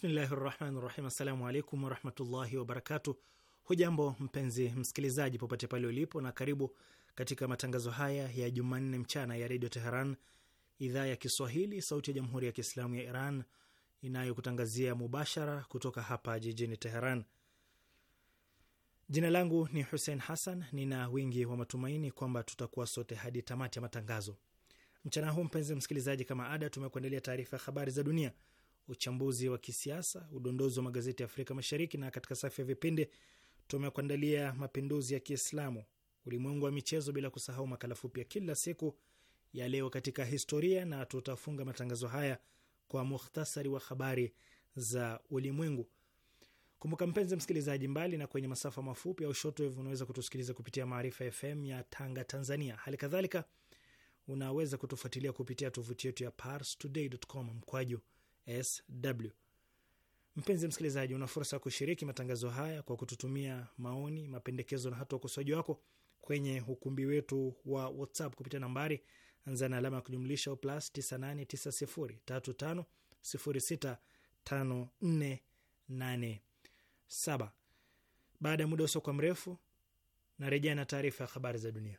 Bismillahi rahmani rahim. Assalamu alaikum warahmatullahi wabarakatu. Hujambo mpenzi msikilizaji, popote pale ulipo, na karibu katika matangazo haya ya Jumanne mchana ya redio Teheran, idhaa ya Kiswahili, sauti ya jamhuri ya kiislamu ya Iran inayokutangazia mubashara kutoka hapa jijini Teheran. Jina langu ni Hussein Hassan. Nina wingi wa matumaini kwamba tutakuwa sote hadi tamati ya matangazo mchana huu. Mpenzi msikilizaji, kama ada, tumekuandalia taarifa ya habari za dunia uchambuzi wa kisiasa, udondozi wa magazeti ya Afrika Mashariki, na katika safu ya vipindi tumekuandalia mapinduzi ya Kiislamu, ulimwengu wa michezo, bila kusahau makala fupi ya kila siku ya leo katika historia, na tutafunga matangazo haya kwa muhtasari wa habari za ulimwengu. Kumbuka mpenzi msikilizaji, mbali na kwenye masafa mafupi au shortwave, unaweza kutusikiliza kupitia Maarifa FM ya Tanga, Tanzania. Hali kadhalika unaweza kutufuatilia kupitia tovuti yetu ya parstoday.com mkwaju sw. Mpenzi msikilizaji, una fursa ya kushiriki matangazo haya kwa kututumia maoni, mapendekezo na hata ukosoaji wako kwenye ukumbi wetu wa WhatsApp kupitia nambari anza na alama ya kujumlisha plus 989035065487. Baada ya muda usio kwa mrefu, narejea na taarifa ya habari za dunia.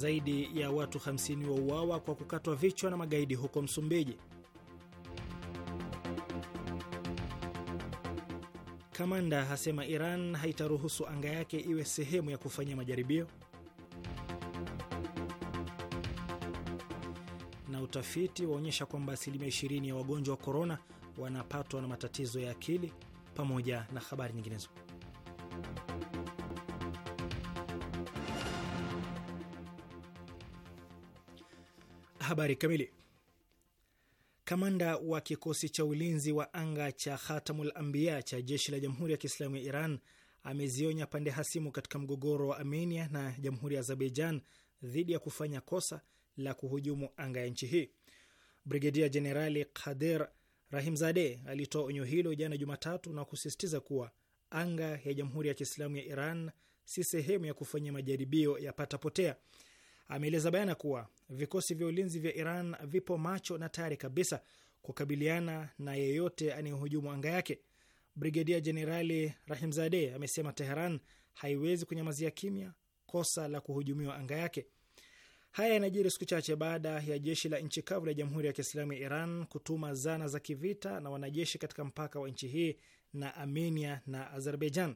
Zaidi ya watu 50 wauawa kwa kukatwa vichwa na magaidi huko Msumbiji. Kamanda asema Iran haitaruhusu anga yake iwe sehemu ya kufanyia majaribio. Na utafiti waonyesha kwamba asilimia 20 ya wagonjwa wa korona wanapatwa na matatizo ya akili, pamoja na habari nyinginezo. Habari kamili. Kamanda wa kikosi cha ulinzi wa anga cha Khatamul Anbiya cha jeshi la Jamhuri ya Kiislamu ya Iran amezionya pande hasimu katika mgogoro wa Armenia na Jamhuri ya Azerbaijan dhidi ya kufanya kosa la kuhujumu anga ya nchi hii. Brigedia Jenerali Kader Rahimzade alitoa onyo hilo jana Jumatatu na kusisitiza kuwa anga ya Jamhuri ya Kiislamu ya Iran si sehemu ya kufanyia majaribio ya patapotea ameeleza bayana kuwa vikosi vya ulinzi vya Iran vipo macho na tayari kabisa kukabiliana na yeyote anayehujumu anga yake. Brigedia Jenerali Rahimzadeh amesema Teheran haiwezi kunyamazia kimya kosa la kuhujumiwa anga yake. Haya yanajiri siku chache baada ya jeshi la nchi kavu la Jamhuri ya Kiislamu ya Iran kutuma zana za kivita na wanajeshi katika mpaka wa nchi hii na Armenia na Azerbaijan.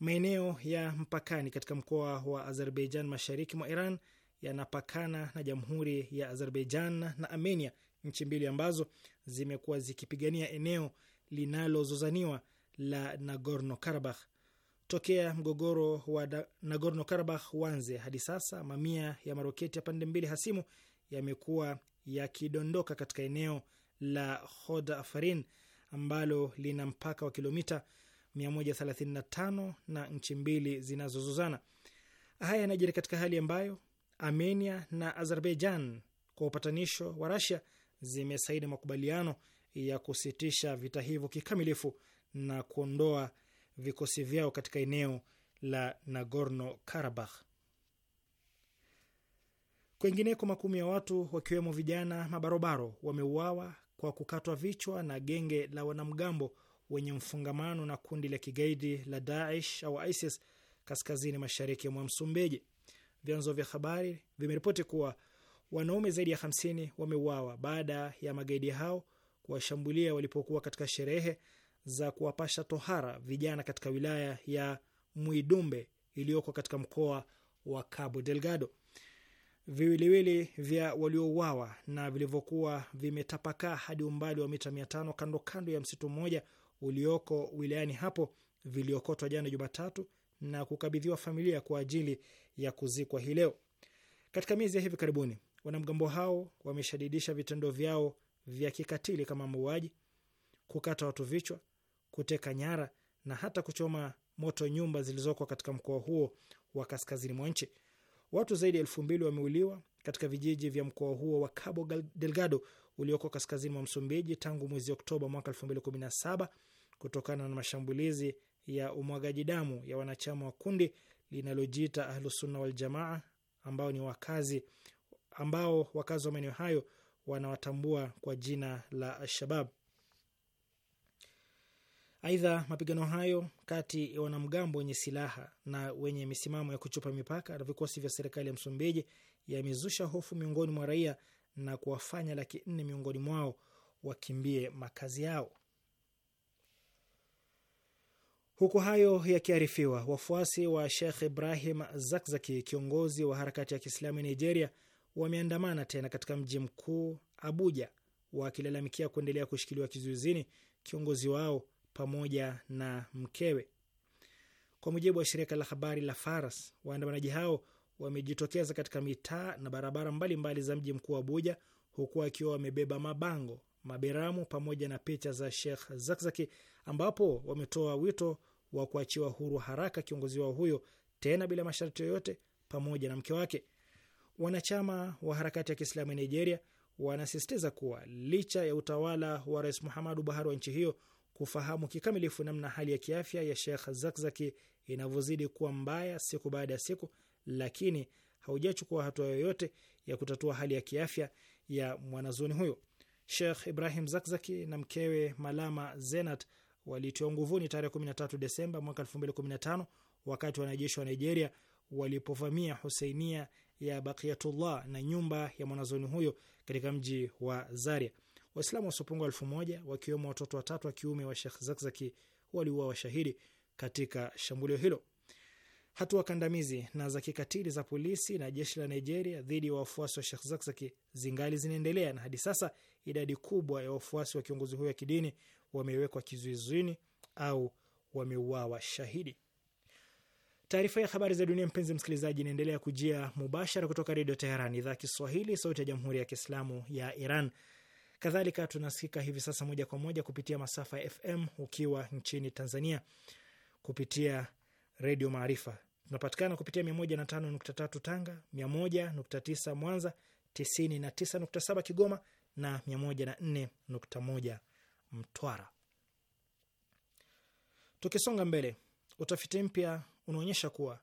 Maeneo ya mpakani katika mkoa wa Azerbaijan mashariki mwa Iran yanapakana na Jamhuri ya Azerbaijan na Armenia, nchi mbili ambazo zimekuwa zikipigania eneo linalozozaniwa la Nagorno Karabakh. Tokea mgogoro wa Nagorno Karabakh wanze hadi sasa, mamia ya maroketi ya pande mbili hasimu yamekuwa yakidondoka katika eneo la Khoda Afarin ambalo lina mpaka wa kilomita 135 na nchi mbili zinazozozana. Haya yanajiri katika hali ambayo Armenia na Azerbaijan kwa upatanisho wa Rasia zimesaini makubaliano ya kusitisha vita hivyo kikamilifu na kuondoa vikosi vyao katika eneo la Nagorno Karabakh. Kwengineko, makumi ya watu wakiwemo vijana mabarobaro wameuawa kwa kukatwa vichwa na genge la wanamgambo wenye mfungamano na kundi la kigaidi la Daesh au ISIS kaskazini mashariki mwa Msumbiji vyanzo vya habari vimeripoti kuwa wanaume zaidi ya hamsini wameuawa baada ya magaidi hao kuwashambulia walipokuwa katika sherehe za kuwapasha tohara vijana katika wilaya ya Mwidumbe iliyoko katika mkoa wa Cabo Delgado. Viwiliwili vya waliouawa na vilivyokuwa vimetapakaa hadi umbali wa mita mia tano kando kando ya msitu mmoja ulioko wilayani hapo viliokotwa jana Jumatatu na kukabidhiwa familia kwa ajili ya kuzikwa hii leo. Katika miezi ya hivi karibuni, wanamgambo hao wameshadidisha vitendo vyao vya kikatili kama mauaji, kukata watu vichwa, kuteka nyara na hata kuchoma moto nyumba zilizoko katika mkoa huo wa kaskazini mwa nchi. Watu zaidi ya elfu mbili wameuliwa katika vijiji vya mkoa huo wa Cabo Delgado ulioko kaskazini mwa Msumbiji tangu mwezi Oktoba mwaka elfu mbili kumi na saba kutokana na mashambulizi ya umwagaji damu ya wanachama wa kundi linalojiita Ahlusunna Waljamaa ambao ni wakazi ambao wakazi wa maeneo hayo wanawatambua kwa jina la Alshabab. Aidha, mapigano hayo kati ya wanamgambo wenye silaha na wenye misimamo ya kuchupa mipaka na vikosi vya serikali ya Msumbiji yamezusha hofu miongoni mwa raia na kuwafanya laki nne miongoni mwao wakimbie makazi yao. Huku hayo yakiarifiwa, wafuasi wa Shekh Ibrahim Zakzaki, kiongozi wa harakati ya Kiislamu ya Nigeria, wameandamana tena katika mji mkuu Abuja, wakilalamikia kuendelea kushikiliwa kizuizini kiongozi wao pamoja na mkewe. Kwa mujibu wa shirika la habari la Faras, waandamanaji hao wamejitokeza katika mitaa na barabara mbalimbali mbali za mji mkuu Abuja, huku wakiwa wamebeba mabango, maberamu pamoja na picha za Shekh Zakzaki ambapo wametoa wito wa kuachiwa huru haraka kiongozi wao huyo, tena bila masharti yoyote, pamoja na mke wake. Wanachama wa harakati ya Kiislamu ya Nigeria wanasisitiza kuwa licha ya utawala wa Rais Muhammadu Buhari wa nchi hiyo kufahamu kikamilifu namna hali ya kiafya ya Sheikh Zakzaki inavyozidi kuwa mbaya siku baada ya siku, lakini haujachukua hatua yoyote ya kutatua hali ya kiafya ya mwanazuoni huyo. Sheikh Ibrahim Zakzaki na mkewe Malama Zenat walitiwa nguvuni tarehe 13 Desemba mwaka 2015 wakati wanajeshi wa Nigeria walipovamia Husainia ya Bakiyatullah na nyumba ya mwanazoni huyo katika mji wa Zaria. Waislamu wasiopungwa elfu moja wakiwemo watoto watatu wa kiume wa Shekh Zakzaki waliuawa washahidi katika shambulio hilo. Hatua kandamizi na za kikatili za polisi na jeshi la Nigeria dhidi ya wafuasi wa Shekh Zakzaki zingali zinaendelea na hadi sasa idadi kubwa ya wafuasi wa kiongozi huyo wa kidini wamewekwa kizuizini au wameuawa shahidi. Taarifa ya habari za dunia, mpenzi msikilizaji, inaendelea kujia mubashara kutoka Redio Teheran, idhaa ya Kiswahili, sauti ya Jamhuri ya Kiislamu ya Iran. Kadhalika tunasikika hivi sasa moja kwa moja kupitia masafa ya FM ukiwa nchini Tanzania kupitia Redio Maarifa. Tunapatikana kupitia 105.3 Tanga, 101.9 Mwanza, 99.7 Kigoma na 104.1 Mtwara. Tukisonga mbele, utafiti mpya unaonyesha kuwa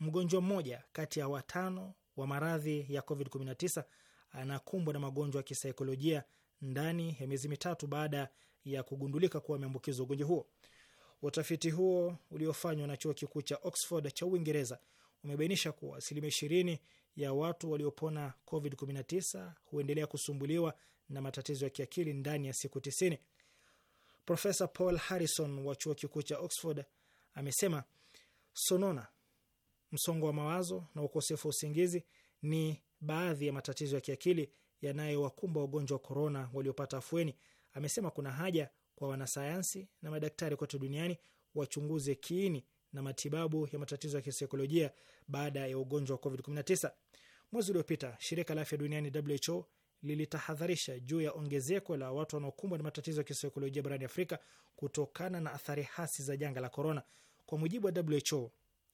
mgonjwa mmoja kati ya watano wa maradhi ya COVID-19 anakumbwa na magonjwa ya kisaikolojia ndani ya miezi mitatu baada ya kugundulika kuwa ameambukizwa ugonjwa huo. Utafiti huo uliofanywa na chuo kikuu cha Oxford cha Uingereza umebainisha kuwa asilimia ishirini ya watu waliopona COVID-19 huendelea kusumbuliwa na matatizo ya kiakili ndani ya siku tisini. Profesa Paul Harrison wa chuo kikuu cha Oxford amesema sonona, msongo wa mawazo na ukosefu wa usingizi ni baadhi ya matatizo ya kiakili yanayowakumba wagonjwa wa korona waliopata afueni. Amesema kuna haja kwa wanasayansi na madaktari kote duniani wachunguze kiini na matibabu ya matatizo ya kisaikolojia baada ya ugonjwa wa COVID-19. Mwezi uliopita shirika la afya duniani WHO lilitahadharisha juu ya ongezeko la watu wanaokumbwa na matatizo ya kisaikolojia barani Afrika kutokana na athari hasi za janga la korona. Kwa mujibu wa WHO,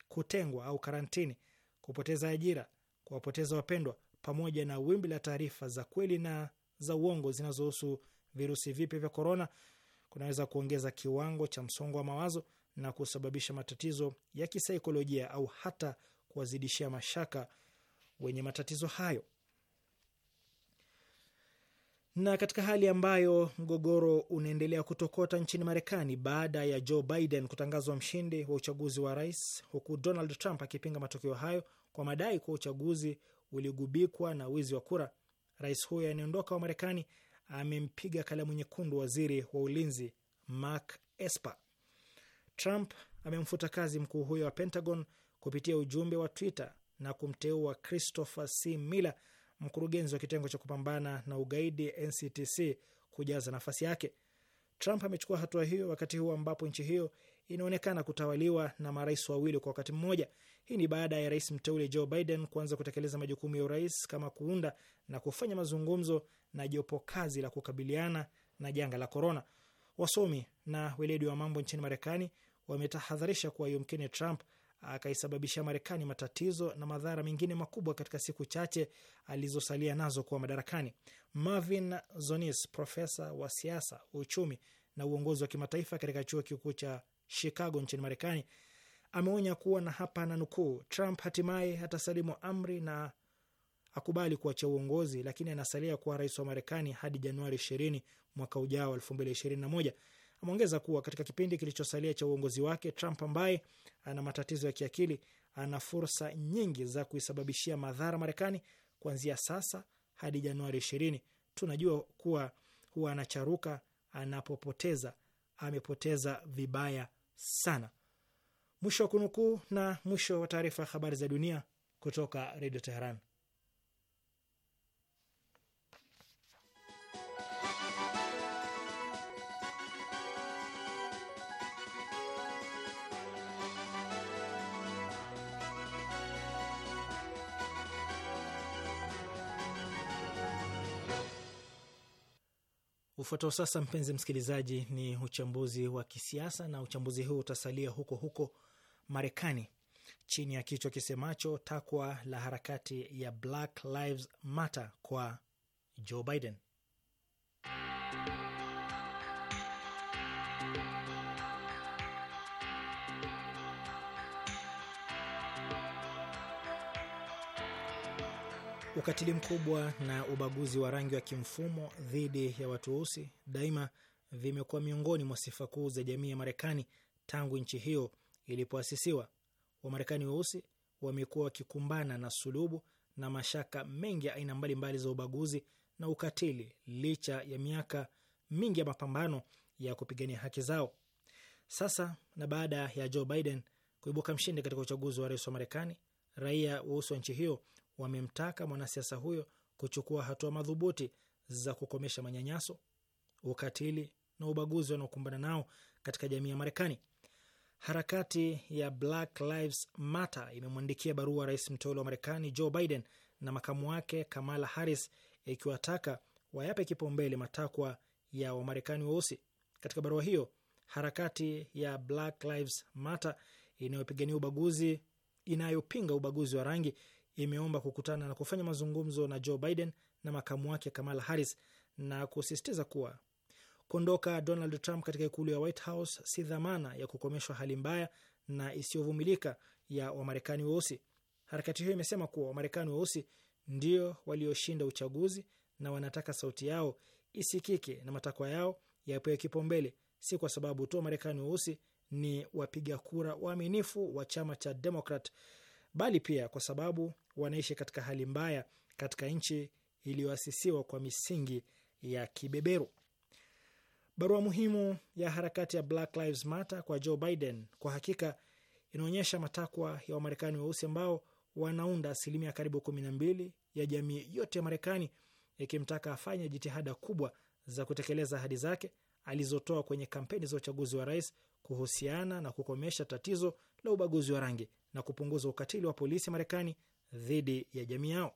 kutengwa au karantini, kupoteza ajira, kuwapoteza wapendwa, pamoja na wimbi la taarifa za kweli na za uongo zinazohusu virusi vipya vya korona kunaweza kuongeza kiwango cha msongo wa mawazo na kusababisha matatizo ya kisaikolojia au hata kuwazidishia mashaka wenye matatizo hayo. Na katika hali ambayo mgogoro unaendelea kutokota nchini Marekani baada ya Joe Biden kutangazwa mshindi wa uchaguzi wa rais, huku Donald Trump akipinga matokeo hayo kwa madai kuwa uchaguzi uligubikwa na wizi wa kura, rais huyo anayeondoka wa Marekani amempiga kalamu nyekundu waziri wa ulinzi Mark Esper. Trump amemfuta kazi mkuu huyo wa Pentagon kupitia ujumbe wa Twitter na kumteua Christopher C Miller mkurugenzi wa kitengo cha kupambana na ugaidi NCTC kujaza nafasi yake. Trump amechukua hatua hiyo wakati huu ambapo nchi hiyo inaonekana kutawaliwa na marais wawili kwa wakati mmoja. Hii ni baada ya rais mteule Joe Biden kuanza kutekeleza majukumu ya urais kama kuunda na kufanya mazungumzo na jopo kazi la kukabiliana na janga la korona. Wasomi na weledi wa mambo nchini Marekani wametahadharisha kuwa yumkini Trump akaisababishia Marekani matatizo na madhara mengine makubwa katika siku chache alizosalia nazo kuwa madarakani. Marvin Zonis, profesa wa siasa, uchumi na uongozi wa kimataifa katika chuo kikuu cha Chicago nchini Marekani, ameonya kuwa na hapa na nukuu, Trump hatimaye atasalimu amri na akubali kuachia uongozi, lakini anasalia kuwa rais wa Marekani hadi Januari 20 mwaka ujao 2021. Ameongeza kuwa katika kipindi kilichosalia cha uongozi wake, Trump ambaye ana matatizo ya kiakili ana fursa nyingi za kuisababishia madhara Marekani kuanzia sasa hadi Januari ishirini. Tunajua kuwa huwa anacharuka anapopoteza. Amepoteza vibaya sana. Mwisho wa kunukuu na mwisho wa taarifa ya habari za dunia kutoka Redio Teheran. Ufuatao sasa, mpenzi msikilizaji, ni uchambuzi wa kisiasa na uchambuzi huu utasalia huko huko Marekani chini ya kichwa kisemacho takwa la harakati ya Black Lives Matter kwa Joe Biden. Ukatili mkubwa na ubaguzi wa rangi wa kimfumo dhidi ya watu weusi daima vimekuwa miongoni mwa sifa kuu za jamii ya Marekani tangu nchi hiyo ilipoasisiwa. Wamarekani weusi wamekuwa wakikumbana na sulubu na mashaka mengi ya aina mbalimbali za ubaguzi na ukatili licha ya miaka mingi ya mapambano ya kupigania haki zao. Sasa na baada ya Joe Biden kuibuka mshindi katika uchaguzi wa rais wa Marekani, raia weusi wa nchi hiyo wamemtaka mwanasiasa huyo kuchukua hatua madhubuti za kukomesha manyanyaso, ukatili na ubaguzi wanaokumbana nao katika jamii ya Marekani. Harakati ya Black Lives Matter imemwandikia barua rais mteule wa Marekani Joe Biden na makamu wake Kamala Harris ikiwataka wayape kipaumbele matakwa ya Wamarekani weusi. Katika barua hiyo, harakati ya Black Lives Matter inayopigania ubaguzi, inayopinga ubaguzi wa rangi imeomba kukutana na kufanya mazungumzo na Joe Biden na makamu wake Kamala Harris na kusisitiza kuwa kuondoka Donald Trump katika ikulu ya White House si dhamana ya kukomeshwa hali mbaya na isiyovumilika ya Wamarekani weusi. Harakati hiyo imesema kuwa Wamarekani weusi ndio walioshinda uchaguzi na wanataka sauti yao isikike na matakwa yao yapewe kipaumbele, si kwa sababu tu Wamarekani weusi ni wapiga kura waaminifu wa chama cha Demokrat bali pia kwa sababu wanaishi katika hali mbaya katika nchi iliyoasisiwa kwa misingi ya kibeberu. Barua muhimu ya harakati ya Black Lives Matter kwa Joe Biden kwa hakika inaonyesha matakwa ya Wamarekani weusi wa ambao wanaunda asilimia karibu kumi na mbili ya jamii yote ya Marekani, ikimtaka afanye jitihada kubwa za kutekeleza ahadi zake alizotoa kwenye kampeni za uchaguzi wa rais kuhusiana na kukomesha tatizo la ubaguzi wa rangi na kupunguza ukatili wa polisi Marekani dhidi ya jamii yao,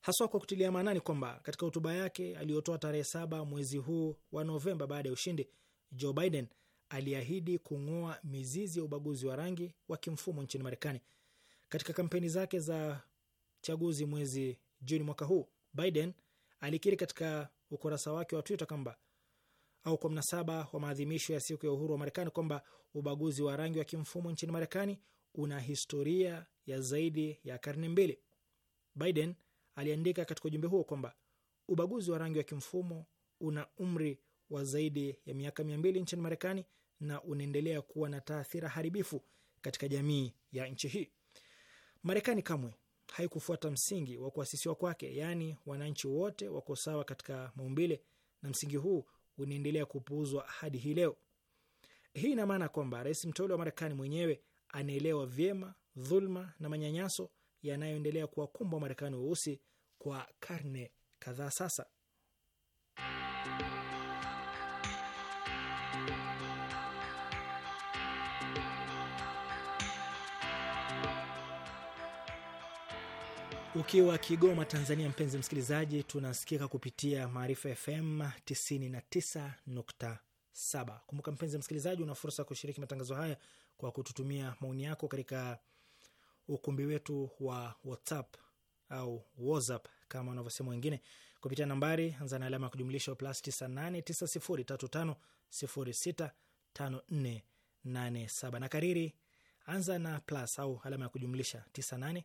haswa kwa kutilia maanani kwamba katika hotuba yake aliyotoa tarehe saba mwezi huu wa Novemba baada ya ushindi, Joe Biden aliahidi kung'oa mizizi ya ubaguzi wa rangi wa kimfumo nchini Marekani. Katika kampeni zake za chaguzi mwezi Juni mwaka huu, Biden alikiri katika ukurasa wake wa Twitter kwamba au kwa mnasaba wa maadhimisho ya siku ya uhuru wa Marekani kwamba ubaguzi wa rangi wa kimfumo nchini Marekani una historia ya zaidi ya karne mbili. Biden aliandika katika ujumbe huo kwamba ubaguzi wa rangi wa kimfumo una umri wa zaidi ya miaka mia mbili nchini Marekani na unaendelea kuwa na taathira haribifu katika jamii ya nchi hii. Marekani kamwe haikufuata msingi wa kuasisiwa kwake, yaani wananchi wote wako sawa katika maumbile, na msingi huu unaendelea kupuuzwa hadi hii leo. Hii ina maana kwamba rais mteule wa Marekani mwenyewe anaelewa vyema dhulma na manyanyaso yanayoendelea kuwakumbwa marekani weusi kwa karne kadhaa sasa. Ukiwa Kigoma, Tanzania, mpenzi msikilizaji, tunasikika kupitia Maarifa FM 99.7. Kumbuka mpenzi msikilizaji, una fursa ya kushiriki matangazo haya kwa kututumia maoni yako katika ukumbi wetu wa WhatsApp au WhatsApp kama wanavyosema wengine, kupitia nambari anza na alama ya kujumlisha plus 989035065487 na kariri anza na plus au alama ya kujumlisha 98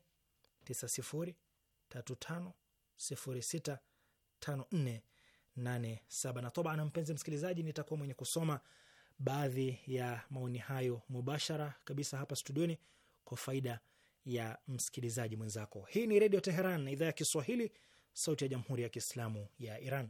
9035065487. Na toba na mpenzi msikilizaji, nitakuwa mwenye kusoma baadhi ya maoni hayo mubashara kabisa hapa studioni kwa faida ya msikilizaji mwenzako. Hii ni Redio Teheran, idhaa ya Kiswahili, sauti ya Jamhuri ya Kiislamu ya Iran.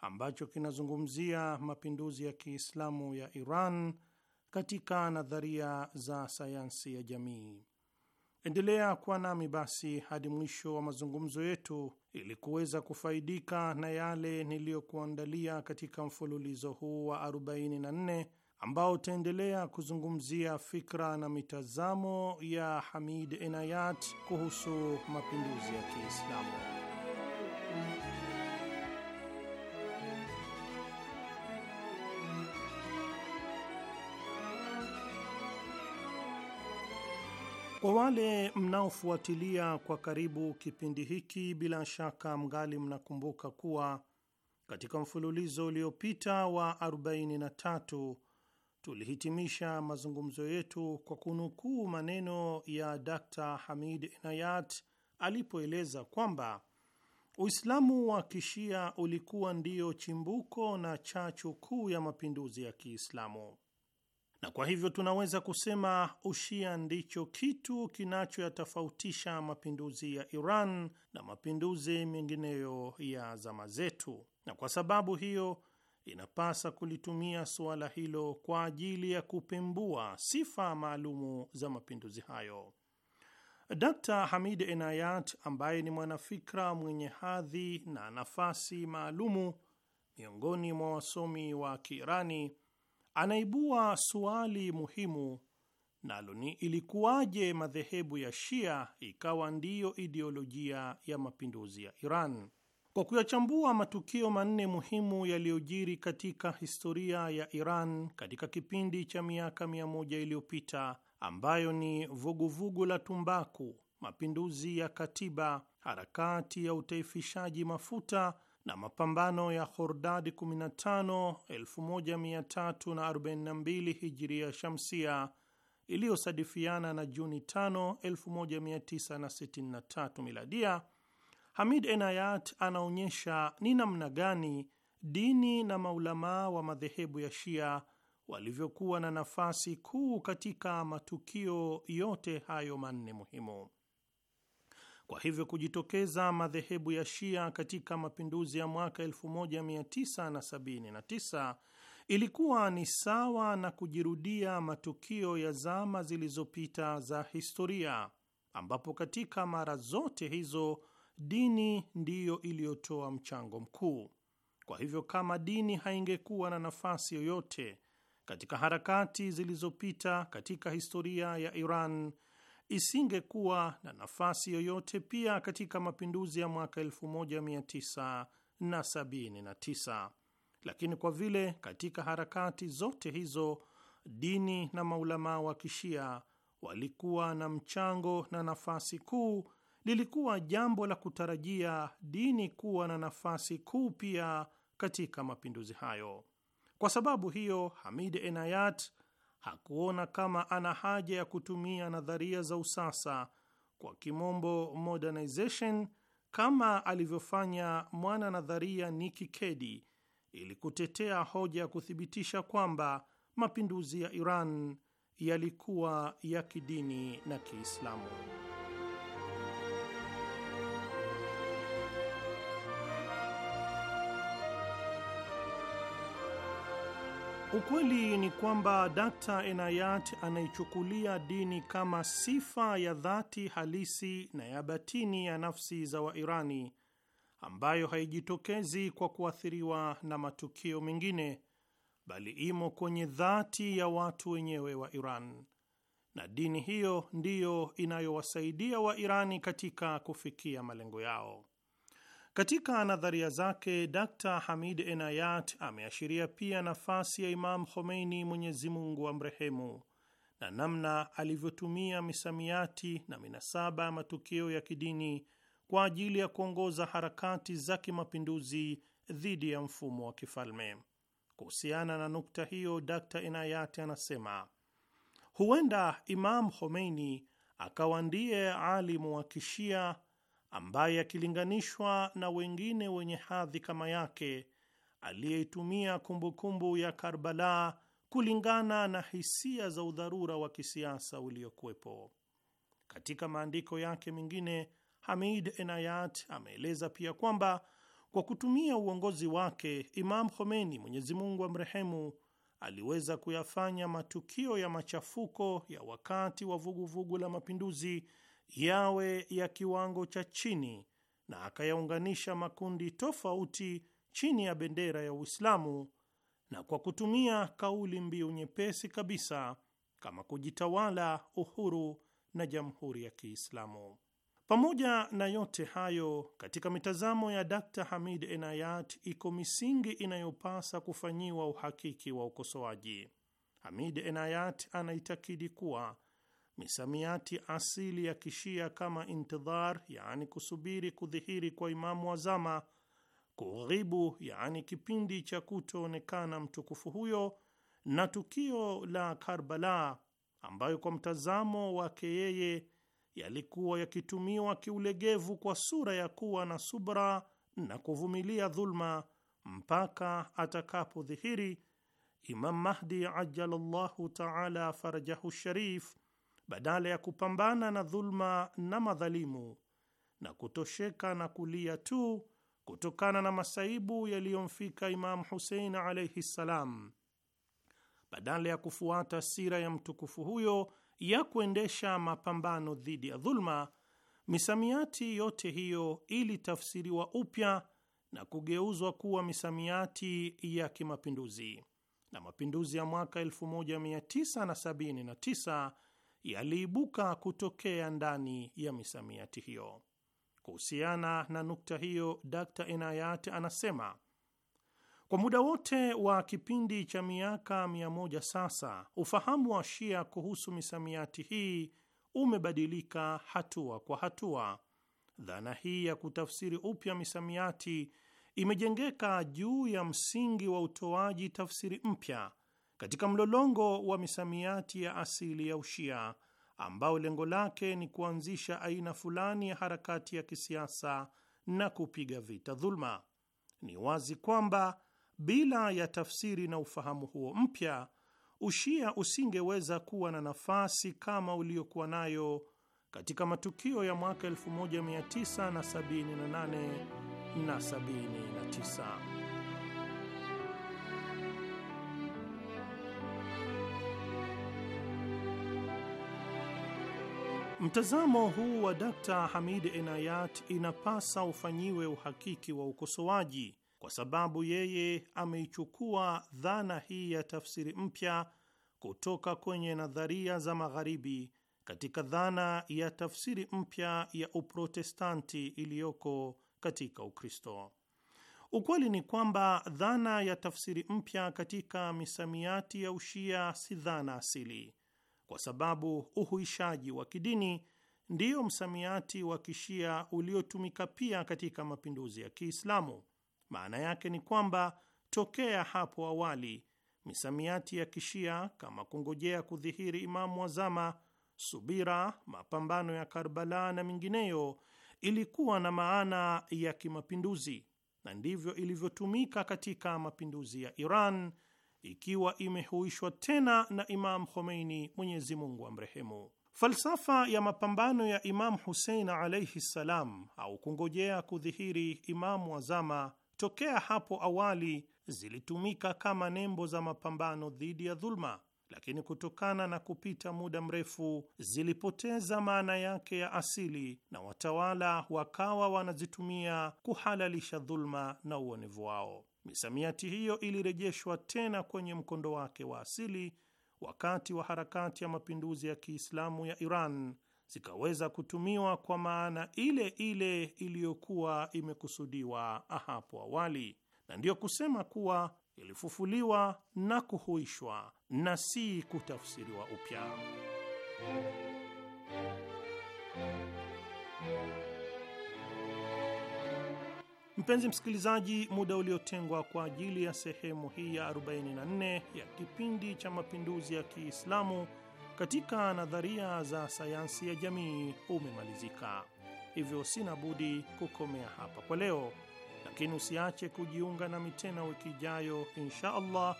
ambacho kinazungumzia mapinduzi ya Kiislamu ya Iran katika nadharia za sayansi ya jamii. Endelea kuwa nami basi hadi mwisho wa mazungumzo yetu ili kuweza kufaidika na yale niliyokuandalia katika mfululizo huu wa 44 ambao utaendelea kuzungumzia fikra na mitazamo ya Hamid Enayat kuhusu mapinduzi ya Kiislamu. Kwa wale mnaofuatilia kwa karibu kipindi hiki, bila shaka mgali mnakumbuka kuwa katika mfululizo uliopita wa 43 tulihitimisha mazungumzo yetu kwa kunukuu maneno ya Dr. Hamid Inayat alipoeleza kwamba Uislamu wa Kishia ulikuwa ndiyo chimbuko na chachu kuu ya mapinduzi ya Kiislamu na kwa hivyo tunaweza kusema ushia ndicho kitu kinachoyatofautisha mapinduzi ya Iran na mapinduzi mengineyo ya zama zetu, na kwa sababu hiyo inapasa kulitumia suala hilo kwa ajili ya kupembua sifa maalumu za mapinduzi hayo. Dr. Hamid Enayat ambaye ni mwanafikra mwenye hadhi na nafasi maalumu miongoni mwa wasomi wa Kiirani anaibua suali muhimu nalo ni ilikuwaje madhehebu ya Shia ikawa ndiyo ideolojia ya mapinduzi ya Iran? Kwa kuyachambua matukio manne muhimu yaliyojiri katika historia ya Iran katika kipindi cha miaka mia moja iliyopita ambayo ni vuguvugu vugu la tumbaku, mapinduzi ya katiba, harakati ya utaifishaji mafuta na mapambano ya Khordadi 15 1342 Hijiria Shamsia iliyosadifiana na Juni 5 1963 Miladia, Hamid Enayat anaonyesha ni namna gani dini na maulamaa wa madhehebu ya Shia walivyokuwa na nafasi kuu katika matukio yote hayo manne muhimu. Kwa hivyo kujitokeza madhehebu ya Shia katika mapinduzi ya mwaka 1979 ilikuwa ni sawa na kujirudia matukio ya zama zilizopita za historia, ambapo katika mara zote hizo dini ndiyo iliyotoa mchango mkuu. Kwa hivyo kama dini haingekuwa na nafasi yoyote katika harakati zilizopita katika historia ya Iran isingekuwa na nafasi yoyote pia katika mapinduzi ya mwaka 1979 lakini kwa vile katika harakati zote hizo dini na maulamaa wa kishia walikuwa na mchango na nafasi kuu, lilikuwa jambo la kutarajia dini kuwa na nafasi kuu pia katika mapinduzi hayo. Kwa sababu hiyo, Hamid Enayat hakuona kama ana haja ya kutumia nadharia za usasa, kwa kimombo modernization, kama alivyofanya mwana nadharia Nikki Keddie ili kutetea hoja ya kuthibitisha kwamba mapinduzi ya Iran yalikuwa ya kidini na Kiislamu. Ukweli ni kwamba Dr. Enayat anaichukulia dini kama sifa ya dhati halisi na ya batini ya nafsi za Wairani ambayo haijitokezi kwa kuathiriwa na matukio mengine bali imo kwenye dhati ya watu wenyewe wa Iran, na dini hiyo ndiyo inayowasaidia Wairani katika kufikia malengo yao. Katika nadharia zake Dr Hamid Enayat ameashiria pia nafasi ya Imam Khomeini, Mwenyezi Mungu amrehemu, na namna alivyotumia misamiati na minasaba ya matukio ya kidini kwa ajili ya kuongoza harakati za kimapinduzi dhidi ya mfumo wa kifalme. Kuhusiana na nukta hiyo, Dr Enayat anasema huenda Imam Khomeini akawa ndiye alimu wa kishia ambaye akilinganishwa na wengine wenye hadhi kama yake aliyeitumia kumbukumbu ya Karbala kulingana na hisia za udharura wa kisiasa uliokuwepo. Katika maandiko yake mengine, Hamid Enayat ameeleza pia kwamba kwa kutumia uongozi wake Imam Khomeini, Mwenyezi Mungu amrehemu, aliweza kuyafanya matukio ya machafuko ya wakati wa vuguvugu vugu la mapinduzi yawe ya kiwango cha chini na akayaunganisha makundi tofauti chini ya bendera ya Uislamu na kwa kutumia kauli mbiu nyepesi kabisa kama kujitawala, uhuru na jamhuri ya Kiislamu. Pamoja na yote hayo, katika mitazamo ya Dr. Hamid Enayat iko misingi inayopasa kufanyiwa uhakiki wa ukosoaji. Hamid Enayat anaitakidi kuwa misamiati asili ya Kishia kama intidhar, yaani kusubiri kudhihiri kwa imamu wa zama, kughibu, yaani kipindi cha kutoonekana mtukufu huyo, na tukio la Karbala ambayo kwa mtazamo wake yeye yalikuwa yakitumiwa kiulegevu kwa sura ya kuwa na subra na kuvumilia dhulma mpaka atakapodhihiri Imam Mahdi ajalallahu taala farajahu sharif badala ya kupambana na dhuluma na madhalimu na kutosheka na kulia tu kutokana na masaibu yaliyomfika Imamu Husein alaihi ssalam, badala ya kufuata sira ya mtukufu huyo ya kuendesha mapambano dhidi ya dhuluma, misamiati yote hiyo ilitafsiriwa upya na kugeuzwa kuwa misamiati ya kimapinduzi, na mapinduzi ya mwaka 1979 yaliibuka kutokea ndani ya misamiati hiyo. Kuhusiana na nukta hiyo, Dr. Enayat anasema kwa muda wote wa kipindi cha miaka mia moja sasa, ufahamu wa Shia kuhusu misamiati hii umebadilika hatua kwa hatua. Dhana hii ya kutafsiri upya misamiati imejengeka juu ya msingi wa utoaji tafsiri mpya katika mlolongo wa misamiati ya asili ya Ushia ambao lengo lake ni kuanzisha aina fulani ya harakati ya kisiasa na kupiga vita dhuluma. Ni wazi kwamba bila ya tafsiri na ufahamu huo mpya, Ushia usingeweza kuwa na nafasi kama uliokuwa nayo katika matukio ya mwaka 1978 na 79. Mtazamo huu wa Dkt Hamid Enayat inapasa ufanyiwe uhakiki wa ukosoaji, kwa sababu yeye ameichukua dhana hii ya tafsiri mpya kutoka kwenye nadharia za Magharibi katika dhana ya tafsiri mpya ya Uprotestanti iliyoko katika Ukristo. Ukweli ni kwamba dhana ya tafsiri mpya katika misamiati ya Ushia si dhana asili, kwa sababu uhuishaji wa kidini ndiyo msamiati wa kishia uliotumika pia katika mapinduzi ya Kiislamu. Maana yake ni kwamba tokea hapo awali misamiati ya kishia kama kungojea kudhihiri Imamu wazama, subira, mapambano ya Karbala na mingineyo ilikuwa na maana ya kimapinduzi, na ndivyo ilivyotumika katika mapinduzi ya Iran ikiwa imehuishwa tena na Imam Khomeini, Mwenyezi Mungu amrehemu. Falsafa ya mapambano ya Imam Husein alaihi ssalam, au kungojea kudhihiri Imamu wazama, tokea hapo awali zilitumika kama nembo za mapambano dhidi ya dhulma, lakini kutokana na kupita muda mrefu zilipoteza maana yake ya asili na watawala wakawa wanazitumia kuhalalisha dhulma na uonevu wao. Misamiati hiyo ilirejeshwa tena kwenye mkondo wake wa asili wakati wa harakati ya mapinduzi ya Kiislamu ya Iran, zikaweza kutumiwa kwa maana ile ile iliyokuwa imekusudiwa hapo awali, na ndiyo kusema kuwa ilifufuliwa na kuhuishwa na si kutafsiriwa upya. Mpenzi msikilizaji, muda uliotengwa kwa ajili ya sehemu hii ya 44 ya kipindi cha mapinduzi ya Kiislamu katika nadharia za sayansi ya jamii umemalizika, hivyo sina budi kukomea hapa kwa leo, lakini usiache kujiunga nami tena wiki ijayo insha Allah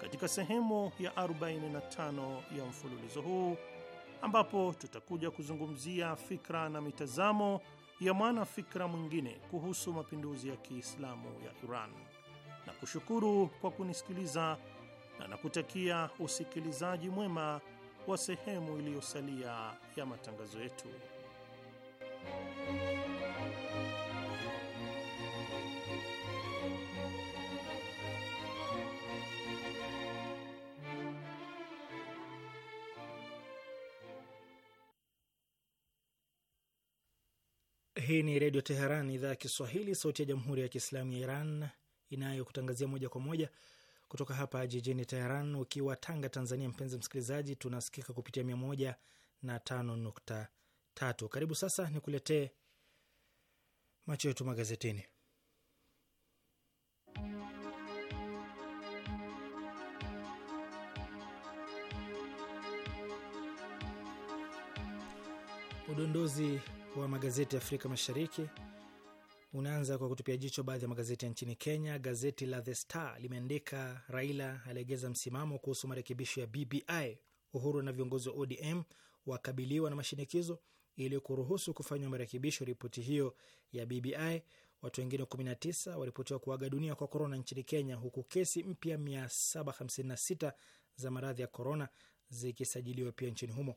katika sehemu ya 45 ya mfululizo huu ambapo tutakuja kuzungumzia fikra na mitazamo ya mwana fikra mwingine kuhusu mapinduzi ya Kiislamu ya Iran na kushukuru kwa kunisikiliza na nakutakia usikilizaji mwema wa sehemu iliyosalia ya matangazo yetu. Hii ni Redio Teheran, idhaa ya Kiswahili, sauti ya Jamhuri ya Kiislamu ya Iran inayokutangazia moja kwa moja kutoka hapa jijini Teheran. Ukiwa Tanga, Tanzania, mpenzi msikilizaji, tunasikika kupitia mia moja na tano nukta tatu. Karibu sasa ni kuletee macho yetu magazetini. Udondozi wa magazeti ya Afrika Mashariki unaanza kwa kutupia jicho baadhi ya magazeti ya nchini Kenya. Gazeti la The Star limeandika Raila aliegeza msimamo kuhusu marekebisho ya BBI. Uhuru na viongozi wa ODM wakabiliwa na mashinikizo ili kuruhusu kufanywa marekebisho ripoti hiyo ya BBI. Watu wengine 19 waripotiwa kuaga dunia kwa korona nchini Kenya, huku kesi mpya 756 za maradhi ya korona zikisajiliwa pia nchini humo.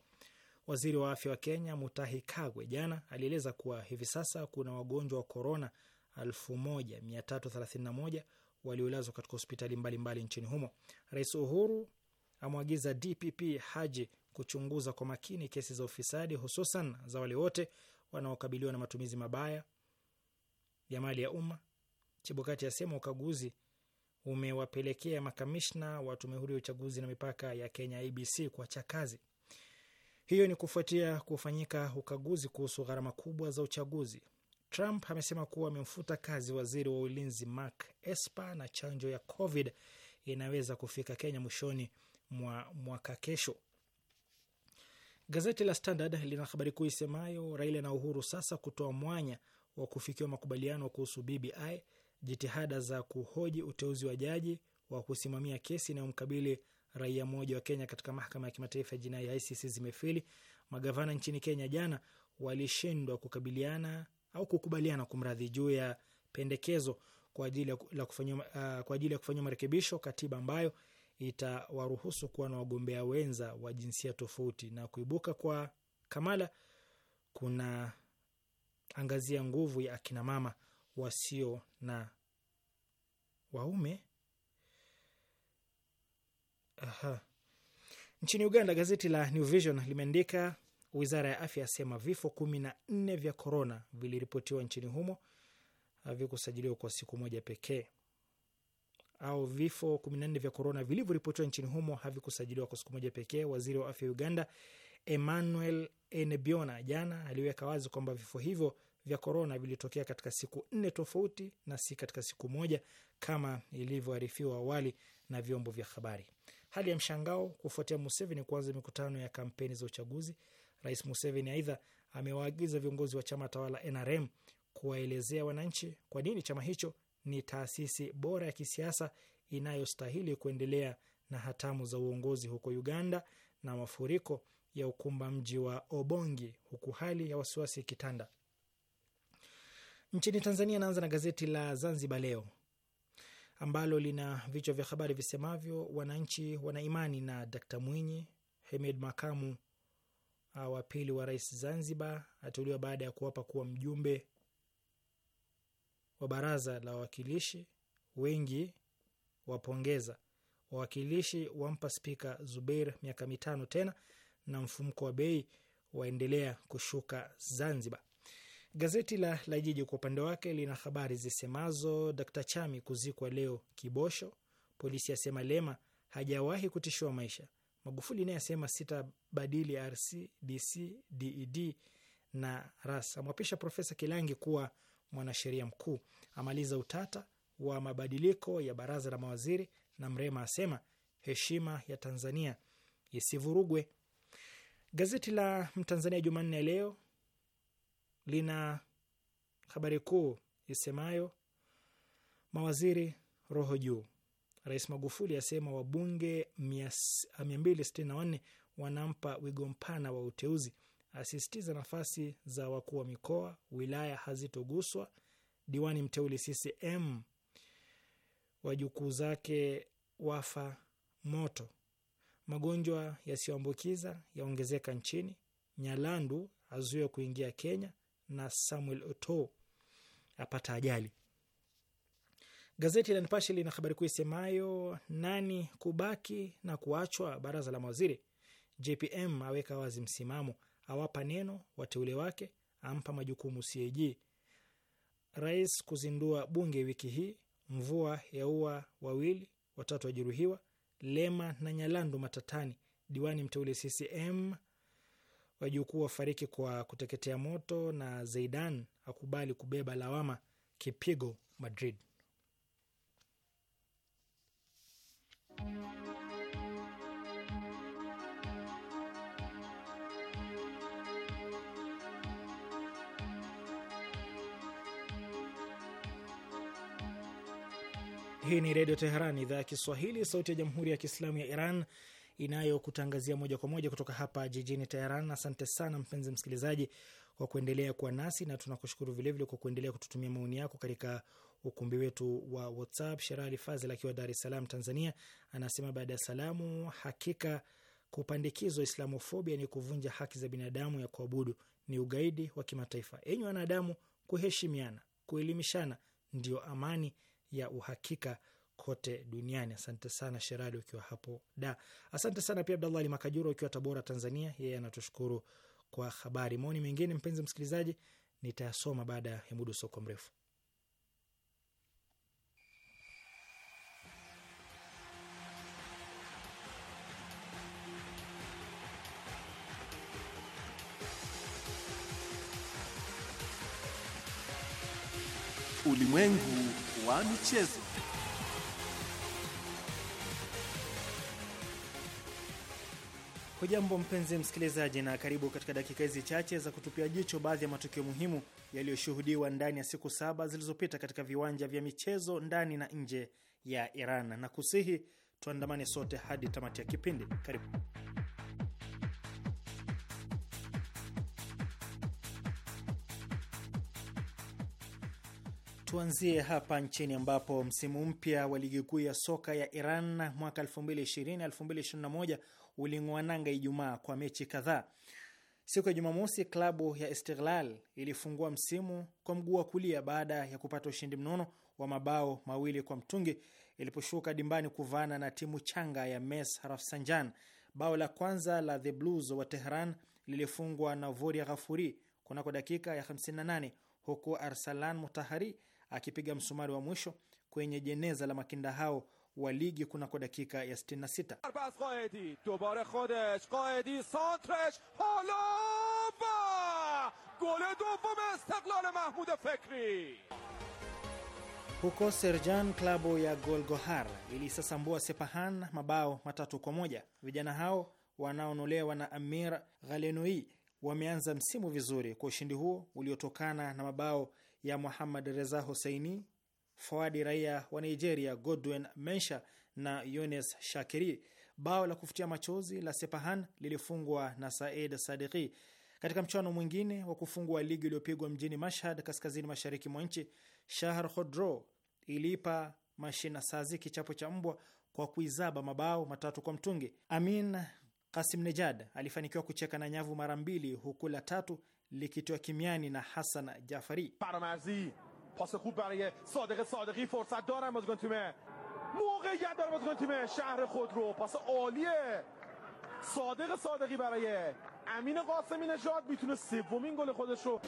Waziri wa afya wa Kenya Mutahi Kagwe jana alieleza kuwa hivi sasa kuna wagonjwa wa korona 1331 waliolazwa katika hospitali mbalimbali nchini humo. Rais Uhuru amwagiza DPP Haji kuchunguza kwa makini kesi za ufisadi, hususan za wale wote wanaokabiliwa na matumizi mabaya ya mali ya umma. Chibukati asema ukaguzi umewapelekea makamishna wa tume huru ya uchaguzi na mipaka ya Kenya, ABC, kuacha kazi. Hiyo ni kufuatia kufanyika ukaguzi kuhusu gharama kubwa za uchaguzi. Trump amesema kuwa amemfuta kazi waziri wa ulinzi Mark Esper na chanjo ya COVID inaweza kufika Kenya mwishoni mwa mwaka kesho. Gazeti la Standard lina habari kuu isemayo Raila na Uhuru sasa kutoa mwanya wa kufikiwa makubaliano kuhusu BBI, jitihada za kuhoji uteuzi wa jaji wa kusimamia kesi inayomkabili raia mmoja wa Kenya katika mahakama ya kimataifa ya jinai ya ICC zimefeli. Magavana nchini Kenya jana walishindwa kukabiliana au kukubaliana kumradhi juu ya pendekezo kwa ajili ya kufanyiwa uh, marekebisho katiba ambayo itawaruhusu kuwa na wagombea wenza wa jinsia tofauti, na kuibuka kwa Kamala kuna angazia nguvu ya akinamama wasio na waume Aha. Nchini Uganda, gazeti la New Vision limeandika wizara ya afya yasema vifo kumi na nne vya korona viliripotiwa nchini humo, havikusajiliwa kwa siku moja pekee au vifo 14 vya korona vilivyoripotiwa nchini humo havikusajiliwa kwa siku moja pekee. Waziri wa afya Uganda Emmanuel Enebiona jana aliweka wazi kwamba vifo hivyo vya korona vilitokea katika siku nne tofauti na si katika siku moja kama ilivyoarifiwa awali na vyombo vya habari hali ya mshangao kufuatia Museveni kuanza mikutano ya kampeni za uchaguzi. Rais Museveni aidha amewaagiza viongozi wa chama tawala NRM kuwaelezea wananchi kwa nini chama hicho ni taasisi bora ya kisiasa inayostahili kuendelea na hatamu za uongozi huko Uganda. Na mafuriko ya ukumba mji wa Obongi huku hali ya wasiwasi ikitanda nchini Tanzania. Naanza na gazeti la Zanzibar Leo ambalo lina vichwa vya habari visemavyo: wananchi wana imani na Dkt Mwinyi, Hemed makamu ah, wa pili wa rais Zanzibar ateuliwa baada ya kuapa kuwa mjumbe wa baraza la wawakilishi, wengi wapongeza, wawakilishi wampa spika Zubeir miaka mitano tena, na mfumko wa bei waendelea kushuka Zanzibar. Gazeti la la Jiji kwa upande wake lina habari zisemazo: Dr Chami kuzikwa leo Kibosho, polisi asema Lema hajawahi kutishiwa maisha, Magufuli naye asema badili RC, DC, DED na RAS, amwapisha Profesa Kilangi kuwa mwanasheria mkuu, amaliza utata wa mabadiliko ya baraza la mawaziri, na Mrema asema heshima ya Tanzania isivurugwe. Gazeti la Mtanzania Jumanne leo lina habari kuu isemayo mawaziri roho juu. Rais Magufuli asema wabunge 264 ah, wanampa wigo mpana wa uteuzi, asisitiza nafasi za wakuu wa mikoa, wilaya hazitoguswa. Diwani mteuli CCM wajukuu zake wafa moto. Magonjwa yasiyoambukiza yaongezeka nchini. Nyalandu azuiwe kuingia Kenya na Samuel Oto apata ajali. Gazeti la Nipashe lina habari kuu isemayo nani kubaki na kuachwa baraza la mawaziri. JPM aweka wazi msimamo, awapa neno wateule wake, ampa majukumu CAG. Rais kuzindua bunge wiki hii. Mvua yaua wawili, watatu wajeruhiwa. Lema na Nyalandu matatani. Diwani mteule CCM wajukuu wafariki kwa kuteketea moto na Zeidan akubali kubeba lawama kipigo Madrid. Hii ni Redio Teheran, idhaa ya Kiswahili, sauti ya Jamhuri ya Kiislamu ya Iran inayokutangazia moja kwa moja kutoka hapa jijini Teheran. Asante sana mpenzi msikilizaji kwa kuendelea kuwa nasi na tunakushukuru vilevile kwa kuendelea kututumia maoni yako katika ukumbi wetu wa WhatsApp. Sherali Fazil akiwa Dar es Salaam, Tanzania, anasema baada ya salamu, hakika kupandikizwa Islamofobia ni kuvunja haki za binadamu ya kuabudu, ni ugaidi wa kimataifa. Enyi wanadamu, kuheshimiana, kuelimishana ndio amani ya uhakika kote duniani. Asante sana Sherali ukiwa hapo da. Asante sana pia Abdallah Ali Makajura ukiwa Tabora, Tanzania. Yeye anatushukuru kwa habari. Maoni mengine, mpenzi msikilizaji, nitayasoma baada ya muda soko mrefu. Ulimwengu wa michezo. Hujambo mpenzi msikilizaji, na karibu katika dakika hizi chache za kutupia jicho baadhi ya matukio muhimu yaliyoshuhudiwa ndani ya siku saba zilizopita katika viwanja vya michezo ndani na nje ya Iran, na kusihi tuandamane sote hadi tamati ya kipindi. Karibu. Tuanzie hapa nchini ambapo msimu mpya wa ligi kuu ya soka ya Iran mwaka 2020-2021 nanga Ijumaa kwa mechi kadhaa. Siku ya Jumamosi, klabu ya Istiklal ilifungua msimu kwa mguu wa kulia baada ya kupata ushindi mnono wa mabao mawili kwa mtungi iliposhuka dimbani kuvaana na timu changa ya Mes Rafsanjan. Bao la kwanza la the Blues wa Tehran lilifungwa na Voria Ghafuri kunako dakika ya 58 huku Arsalan Mutahari akipiga msumari wa mwisho kwenye jeneza la makinda hao wa ligi kunako dakika ya 66. Huko Serjan, klabu ya Golgohar ilisasambua Sepahan mabao matatu kwa moja. Vijana hao wanaonolewa na Amir Ghalenoi wameanza msimu vizuri kwa ushindi huo uliotokana na mabao ya Muhammad Reza Hoseini Fawadi raia wa Nigeria Godwin Mensha na yunes Shakiri. Bao la kufutia machozi la Sepahan lilifungwa na Said Sadiki. Katika mchuano mwingine wa kufungwa ligi iliyopigwa mjini Mashhad, kaskazini mashariki mwa nchi, Shahar Khodro iliipa Mashina Sazi kichapo cha mbwa kwa kuizaba mabao matatu kwa mtungi. Amin Kasim Nejad alifanikiwa kucheka na nyavu mara mbili, huku la tatu likitoa kimiani na Hasan Jafari Paramazi. پاس خوب برای صادق صادقی فرصت دارن بازیکن تیم موقعیت داره بازیکن تیم شهر خود رو پاس عالیه صادق صادقی برای امین قاسمی نژاد میتونه سومین گل خودش رو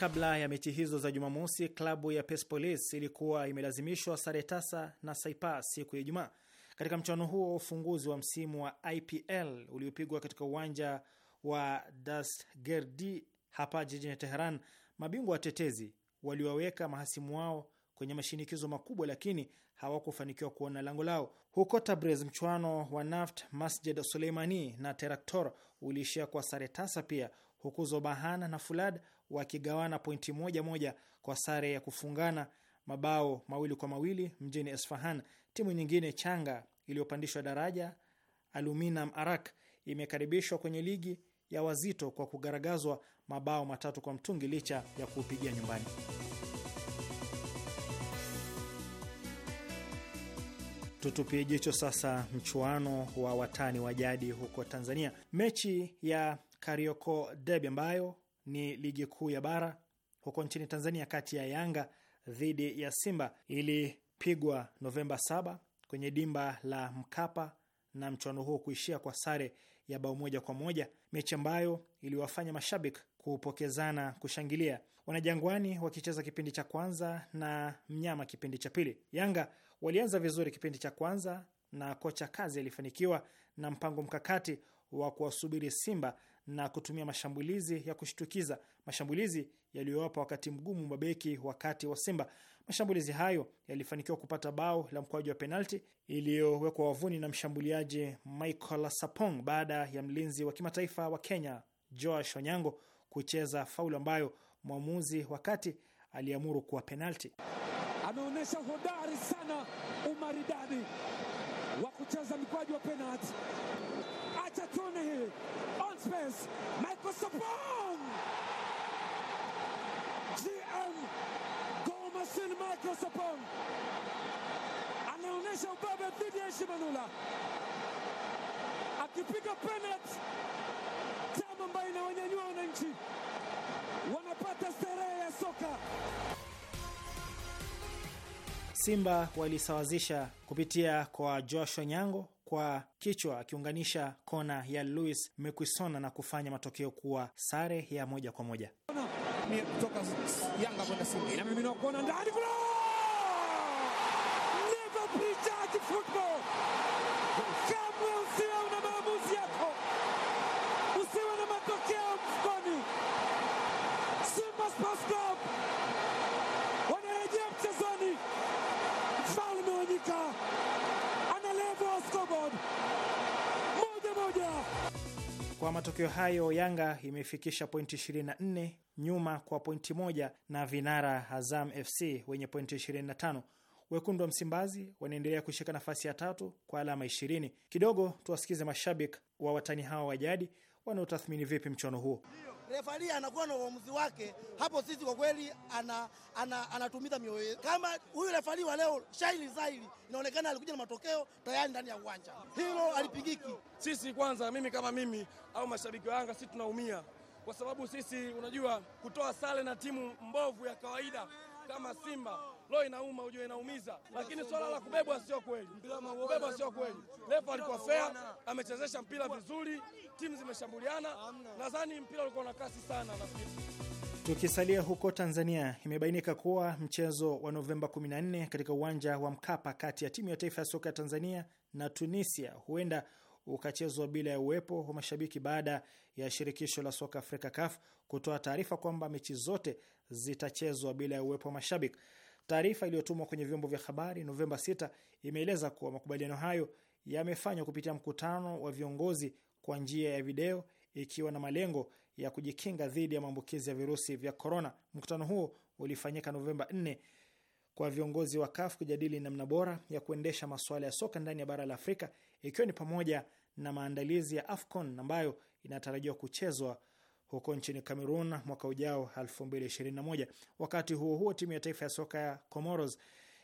Kabla ya mechi hizo za Jumamosi, klabu ya Persepolis ilikuwa imelazimishwa sare tasa na Saipa siku ya Ijumaa katika mchuano huo wa ufunguzi wa msimu wa IPL uliopigwa katika uwanja wa Dastgerdi hapa jijini Teheran. Mabingwa watetezi waliwaweka mahasimu wao kwenye mashinikizo makubwa, lakini hawakufanikiwa kuona lango lao. Huko Tabriz, mchuano wa Naft, Masjid Suleimani na Teraktor uliishia kwa sare tasa pia, huku Zobahana na Fulad wakigawana pointi moja moja kwa sare ya kufungana mabao mawili kwa mawili mjini Esfahan. Timu nyingine changa iliyopandishwa daraja Aluminam Arak imekaribishwa kwenye ligi ya wazito kwa kugaragazwa mabao matatu kwa mtungi licha ya kuupigia nyumbani. Tutupie jicho sasa mchuano wa watani wa jadi huko Tanzania, mechi ya Karioko Derby ambayo ni ligi kuu ya bara huko nchini Tanzania, kati ya Yanga dhidi ya Simba ilipigwa Novemba 7 kwenye dimba la Mkapa na mchuano huo kuishia kwa sare ya bao moja kwa moja, mechi ambayo iliwafanya mashabiki kupokezana kushangilia, wanajangwani wakicheza kipindi cha kwanza na mnyama kipindi cha pili. Yanga walianza vizuri kipindi cha kwanza na kocha Kazi alifanikiwa na mpango mkakati wa kuwasubiri Simba na kutumia mashambulizi ya kushtukiza, mashambulizi yaliyowapa wakati mgumu mabeki wakati wa Simba. Mashambulizi hayo yalifanikiwa kupata bao la mkwaju wa penalti iliyowekwa wavuni na mshambuliaji Michael Sapong baada ya mlinzi wa kimataifa wa Kenya Joash Onyango kucheza faulu ambayo mwamuzi wakati aliamuru kuwa penalti. Ameonyesha hodari sana, umaridadi wa kucheza mkwaji wa penalti. Acha tuone hii on space, Michael Sapong GM Gol Machine. Michael Sapong anaonyesha ubabe dhidi ya Shimanula akipiga penalti, tamu ambayo inawanyanyua wananchi wanapata starehe ya soka. Simba walisawazisha kupitia kwa Joshua Nyango kwa kichwa akiunganisha kona ya Louis Mekwisona na kufanya matokeo kuwa sare ya moja kwa moja. Yanga kwenda Simba inamiminiwa kona ndani Kwa matokeo hayo, Yanga imefikisha pointi 24 nyuma kwa pointi moja na vinara Azam FC wenye pointi 25. Wekundu wa Msimbazi wanaendelea kushika nafasi ya tatu kwa alama 20. Kidogo tuwasikize mashabiki wa watani hao wa jadi wanaotathmini vipi mchuano huo refari anakuwa na uamuzi wake hapo. Sisi kwa kweli anatumiza ana, ana mioyo kama huyu refari wa leo shaili zaili, inaonekana alikuja na matokeo tayari ndani ya uwanja, hilo alipigiki. Sisi kwanza, mimi kama mimi au mashabiki wa Yanga, sisi tunaumia kwa sababu sisi, unajua, kutoa sare na timu mbovu ya kawaida kama Simba Roho inauma, ujue inaumiza, lakini swala la kubebwa sio kweli. Kubebwa sio kweli. Refa alikuwa fair, amechezesha mpira vizuri, timu zimeshambuliana. Nadhani mpira ulikuwa na kasi sana nafikiri. Tukisalia huko Tanzania, imebainika kuwa mchezo wa Novemba 14 katika uwanja wa Mkapa kati ya timu ya taifa ya soka ya Tanzania na Tunisia huenda ukachezwa bila ya uwepo wa mashabiki baada ya shirikisho la soka Afrika CAF kutoa taarifa kwamba mechi zote zitachezwa bila ya uwepo wa mashabiki. Taarifa iliyotumwa kwenye vyombo vya habari Novemba 6 imeeleza kuwa makubaliano hayo yamefanywa kupitia mkutano wa viongozi kwa njia ya video ikiwa na malengo ya kujikinga dhidi ya maambukizi ya virusi vya korona. Mkutano huo ulifanyika Novemba 4 kwa viongozi wa CAF kujadili namna bora ya kuendesha masuala ya soka ndani ya bara la Afrika, ikiwa ni pamoja na maandalizi ya AFCON ambayo inatarajiwa kuchezwa huko nchini Cameroon mwaka ujao 2021. Wakati huo huo, timu ya taifa ya soka ya Comoros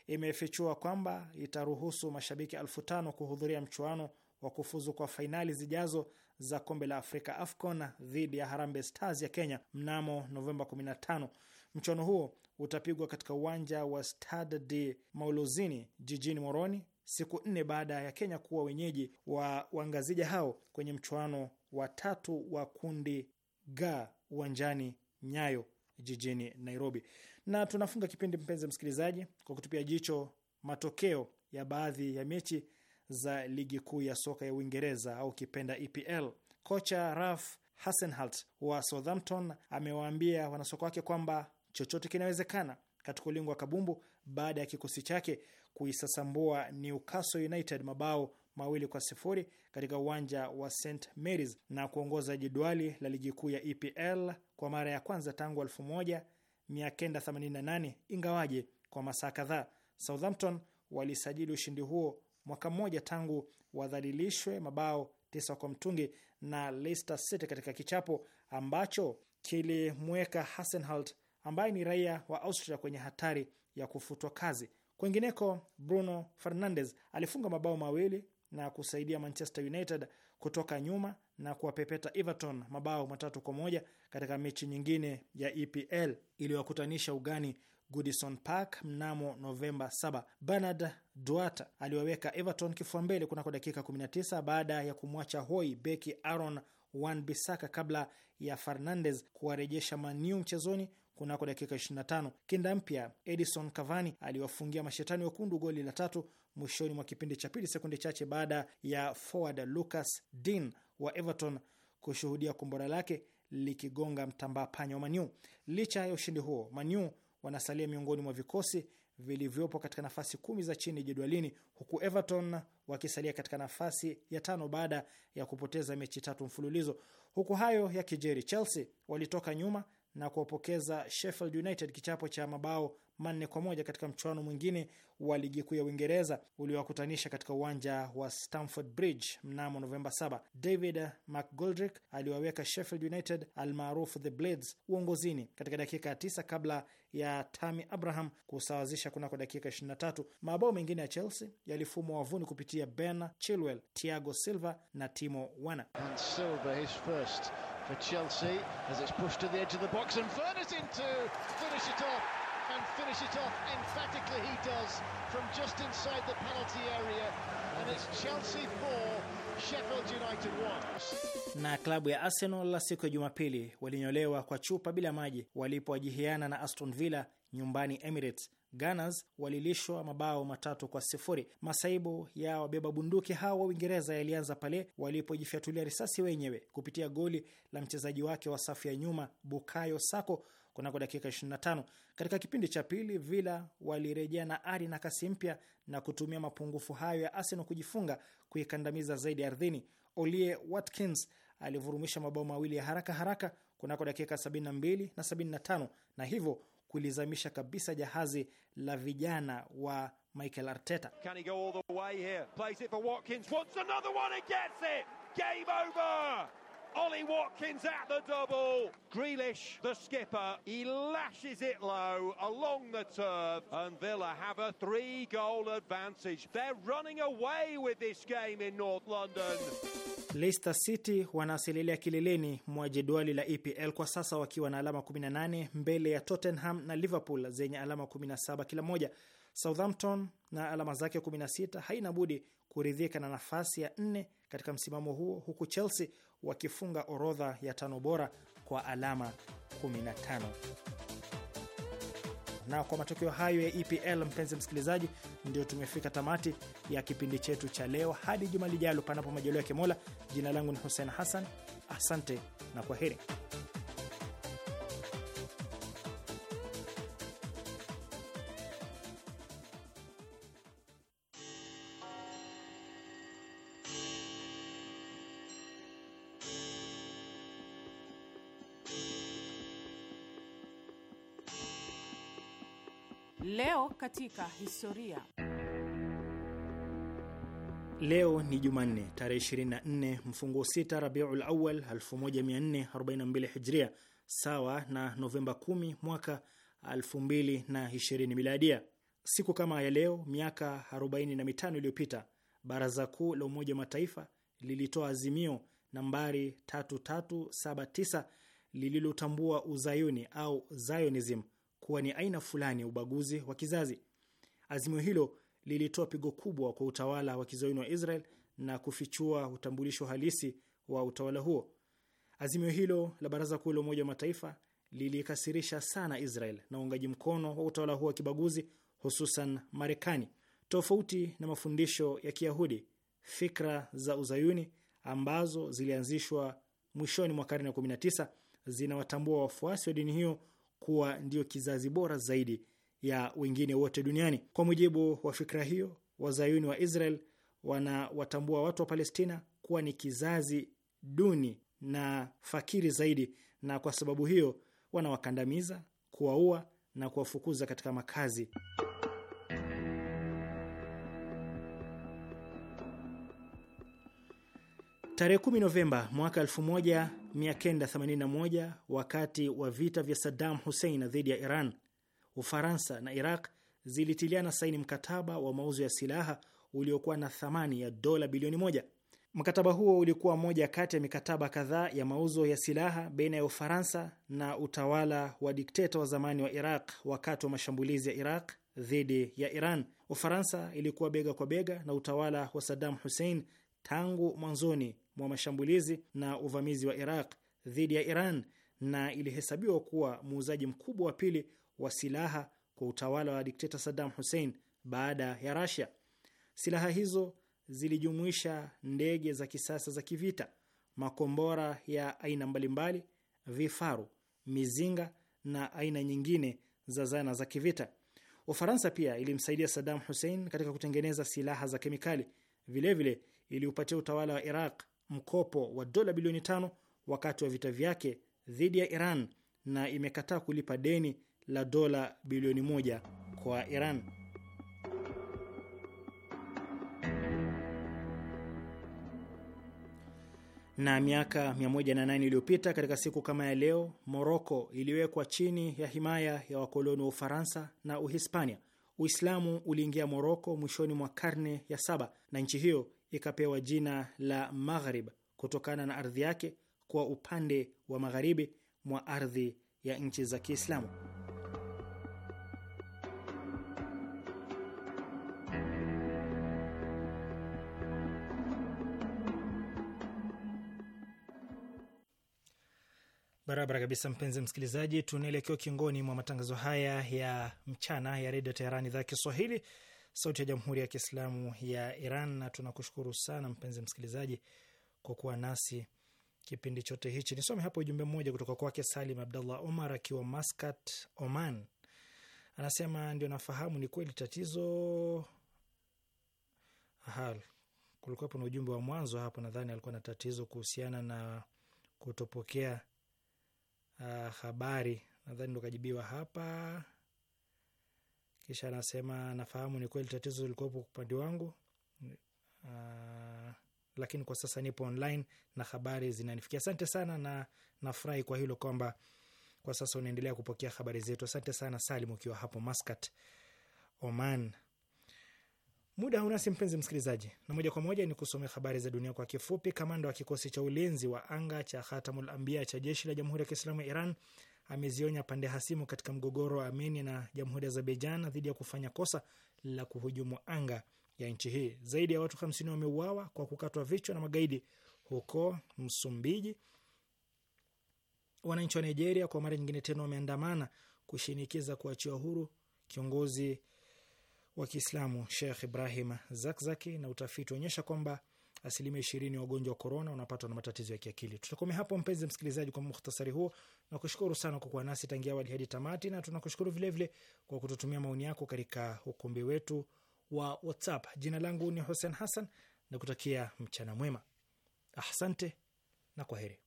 imefichua kwamba itaruhusu mashabiki elfu tano kuhudhuria mchuano wa kufuzu kwa fainali zijazo za kombe la Afrika AFCON dhidi ya Harambee Stars ya Kenya mnamo Novemba 15. Mchuano huo utapigwa katika uwanja wa Stade de Maulozini jijini Moroni siku nne baada ya Kenya kuwa wenyeji wa wangazija hao kwenye mchuano wa tatu wa kundi ga uwanjani Nyayo jijini Nairobi. Na tunafunga kipindi, mpenzi msikilizaji, kwa kutupia jicho matokeo ya baadhi ya mechi za ligi kuu ya soka ya Uingereza au kipenda EPL. Kocha Ralph Hasenhalt wa Southampton amewaambia wanasoka wake kwamba chochote kinawezekana katika ulingo wa kabumbu baada ya kikosi chake kuisasambua Newcastle United mabao mawili kwa sifuri katika uwanja wa St Marys na kuongoza jedwali la ligi kuu ya EPL kwa mara ya kwanza tangu 1988 ingawaje kwa masaa kadhaa. Southampton walisajili ushindi huo mwaka mmoja tangu wadhalilishwe mabao tisa kwa mtungi na Leicester City katika kichapo ambacho kilimweka Hasenhalt ambaye ni raia wa Austria kwenye hatari ya kufutwa kazi. Kwingineko, Bruno Fernandes alifunga mabao mawili na kusaidia Manchester United kutoka nyuma na kuwapepeta Everton mabao matatu kwa moja katika mechi nyingine ya EPL iliyowakutanisha ugani Goodison Park mnamo Novemba 7. Bernard Duata aliwaweka Everton kifua mbele kunako dakika 19 baada ya kumwacha hoi beki Aaron Wan-Bissaka kabla ya fernandez kuwarejesha Maniu mchezoni kunako dakika 25. Kinda mpya Edison Cavani aliwafungia mashetani wekundu goli la tatu mwishoni mwa kipindi cha pili, sekunde chache baada ya forward Lucas Dean wa Everton kushuhudia kombora lake likigonga mtambaa panya wa Manu. Licha ya ushindi huo, manu wanasalia miongoni mwa vikosi vilivyopo katika nafasi kumi za chini jedwalini, huku Everton wakisalia katika nafasi ya tano baada ya kupoteza mechi tatu mfululizo. Huku hayo ya kijeri, Chelsea walitoka nyuma na kuwapokeza Sheffield United kichapo cha mabao manne kwa moja katika mchuano mwingine wa ligi kuu ya Uingereza uliowakutanisha katika uwanja wa Stamford Bridge mnamo Novemba 7. David McGoldrick aliwaweka Sheffield United almaarufu The Blades uongozini katika dakika ya kabla ya Tammy Abraham kusawazisha kunako dakika 23. Mabao mengine ya Chelsea yalifumwa wavuni kupitia Ben Chilwell, Thiago Silva na Timo Werner. for Chelsea as it's pushed to the edge of the box and Furness into finish it off and finish it off emphatically he does from just inside the penalty area and it's Chelsea 4 Sheffield United won. Na klabu ya Arsenal la siku ya Jumapili walinyolewa kwa chupa bila maji walipowajihiana na Aston Villa nyumbani Emirates. Gunners walilishwa mabao matatu kwa sifuri. Masaibu ya wabeba bunduki hawa wa Uingereza yalianza pale walipojifyatulia risasi wenyewe kupitia goli la mchezaji wake wa safu ya nyuma Bukayo Sako kunako dakika 25. Katika kipindi cha pili, Villa walirejea na ari na kasi mpya na kutumia mapungufu hayo ya Arsenal kujifunga, kuikandamiza zaidi ardhini. Olie Watkins alivurumisha mabao mawili ya haraka haraka kunako dakika 72 na 75, na hivyo kulizamisha kabisa jahazi la vijana wa Michael Arteta. Can Ollie Watkins at the double. Grealish, the skipper, he lashes it low along the turf, and Villa have a three goal advantage. They're running away with this game in North London. Leicester City wanasilelia kileleni mwa jedwali la EPL kwa sasa wakiwa na alama 18 mbele ya Tottenham na Liverpool zenye alama 17 kila moja. Southampton na alama zake 16 haina budi kuridhika na nafasi ya nne katika msimamo huo, huku Chelsea wakifunga orodha ya tano bora kwa alama 15. Na kwa matokeo hayo ya EPL, mpenzi msikilizaji, ndio tumefika tamati ya kipindi chetu cha leo. Hadi juma lijalo, panapo majaliwa ya Kimola. jina langu ni Hussein Hassan, asante na kwaheri. katika historia. Leo ni Jumanne tarehe 24 mfunguo 6 Rabiul Awal 1442 Hijria, sawa na Novemba 10 mwaka 2020 Miladia. Siku kama ya leo miaka 45 iliyopita Baraza Kuu la Umoja wa Mataifa lilitoa azimio nambari 3379 lililotambua uzayuni au Zionism kuwa ni aina fulani ya ubaguzi wa kizazi. Azimio hilo lilitoa pigo kubwa kwa utawala wa kizayuni wa Israel na kufichua utambulisho halisi wa utawala huo. Azimio hilo la Baraza Kuu la Umoja wa Mataifa lilikasirisha sana Israel na uungaji mkono wa utawala huo wa kibaguzi, hususan Marekani. Tofauti na mafundisho ya Kiyahudi, fikra za uzayuni ambazo zilianzishwa mwishoni mwa karne ya 19 zinawatambua wafuasi wa dini hiyo kuwa ndiyo kizazi bora zaidi ya wengine wote duniani. Kwa mujibu wa fikra hiyo, wazayuni wa Israel wanawatambua watu wa Palestina kuwa ni kizazi duni na fakiri zaidi, na kwa sababu hiyo wanawakandamiza, kuwaua na kuwafukuza katika makazi. Tarehe 10 Novemba mwaka 1 1981 wakati wa vita vya Saddam Hussein dhidi ya Iran, Ufaransa na Iraq zilitiliana saini mkataba wa mauzo ya silaha uliokuwa na thamani ya dola bilioni moja. Mkataba huo ulikuwa moja kati ya mikataba kadhaa ya mauzo ya silaha baina ya Ufaransa na utawala wa dikteta wa zamani wa Iraq wakati wa mashambulizi ya Iraq dhidi ya Iran. Ufaransa ilikuwa bega kwa bega na utawala wa Saddam Hussein tangu mwanzoni mwa mashambulizi na uvamizi wa Iraq dhidi ya Iran na ilihesabiwa kuwa muuzaji mkubwa wa pili wa silaha kwa utawala wa dikteta Saddam Hussein baada ya Russia. Silaha hizo zilijumuisha ndege za kisasa za kivita, makombora ya aina mbalimbali, vifaru, mizinga na aina nyingine za zana za kivita. Ufaransa pia ilimsaidia Saddam Hussein katika kutengeneza silaha za kemikali. Vilevile iliupatia utawala wa Iraq mkopo wa dola bilioni tano wakati wa vita vyake dhidi ya Iran na imekataa kulipa deni la dola bilioni moja kwa Iran. Na miaka 108 iliyopita katika siku kama ya leo, Moroko iliwekwa chini ya himaya ya wakoloni wa Ufaransa na Uhispania. Uislamu uliingia Moroko mwishoni mwa karne ya saba na nchi hiyo ikapewa jina la Maghrib kutokana na ardhi yake kwa upande wa magharibi mwa ardhi ya nchi za Kiislamu. Barabara kabisa, mpenzi msikilizaji, tunaelekea kiongoni mwa matangazo haya ya mchana ya redio Teherani, idhaa ya Kiswahili, sauti ya jamhuri ya kiislamu ya Iran. Na tunakushukuru sana mpenzi msikilizaji kwa kuwa nasi kipindi chote hichi. Nisome hapo ujumbe mmoja kutoka kwake Salim Abdallah Omar akiwa Maskat, Oman. Anasema ndio nafahamu, ni kweli tatizo. hal kulikuwepo na ujumbe wa mwanzo hapo, nadhani alikuwa na tatizo kuhusiana na kutopokea uh, habari. Nadhani ndo kajibiwa hapa. Kisha anasema nafahamu ni kweli tatizo lilikuwepo upande wangu, uh, lakini kwa sasa nipo online na habari zinanifikia. Asante sana na nafurahi kwa hilo kwamba kwa sasa unaendelea kupokea habari zetu. Asante sana Salim, ukiwa hapo Maskat, Oman. Muda haunasi mpenzi msikilizaji, na moja kwa moja ni kusomea habari za dunia kwa kifupi. Kamanda wa kikosi cha ulinzi wa anga cha Hatamul Ambia cha jeshi la jamhuri ya Kiislamu ya Iran amezionya pande hasimu katika mgogoro wa Armenia na jamhuri ya Azerbaijan dhidi ya kufanya kosa la kuhujumu anga ya nchi hii. Zaidi ya watu 50 wameuawa kwa kukatwa vichwa na magaidi huko Msumbiji. Wananchi wa Nigeria kwa mara nyingine tena wameandamana kushinikiza kuachiwa huru kiongozi wa Kiislamu Sheikh Ibrahim Zakzaki, na utafiti unaonyesha kwamba asilimia ishirini ya wagonjwa wa korona wanapatwa na matatizo ya kiakili. Tutakomea hapo mpenzi msikilizaji, kwa muhtasari huo. Nakushukuru sana kwa kuwa nasi tangia awali hadi tamati, na tunakushukuru vilevile kwa kututumia maoni yako katika ukumbi wetu wa WhatsApp. Jina langu ni Hussein Hassan na kutakia mchana mwema. Asante na kwa heri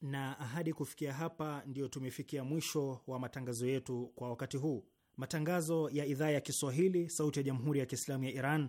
na ahadi. Kufikia hapa, ndiyo tumefikia mwisho wa matangazo yetu kwa wakati huu. Matangazo ya idhaa ya Kiswahili, Sauti ya Jamhuri ya Kiislamu ya Iran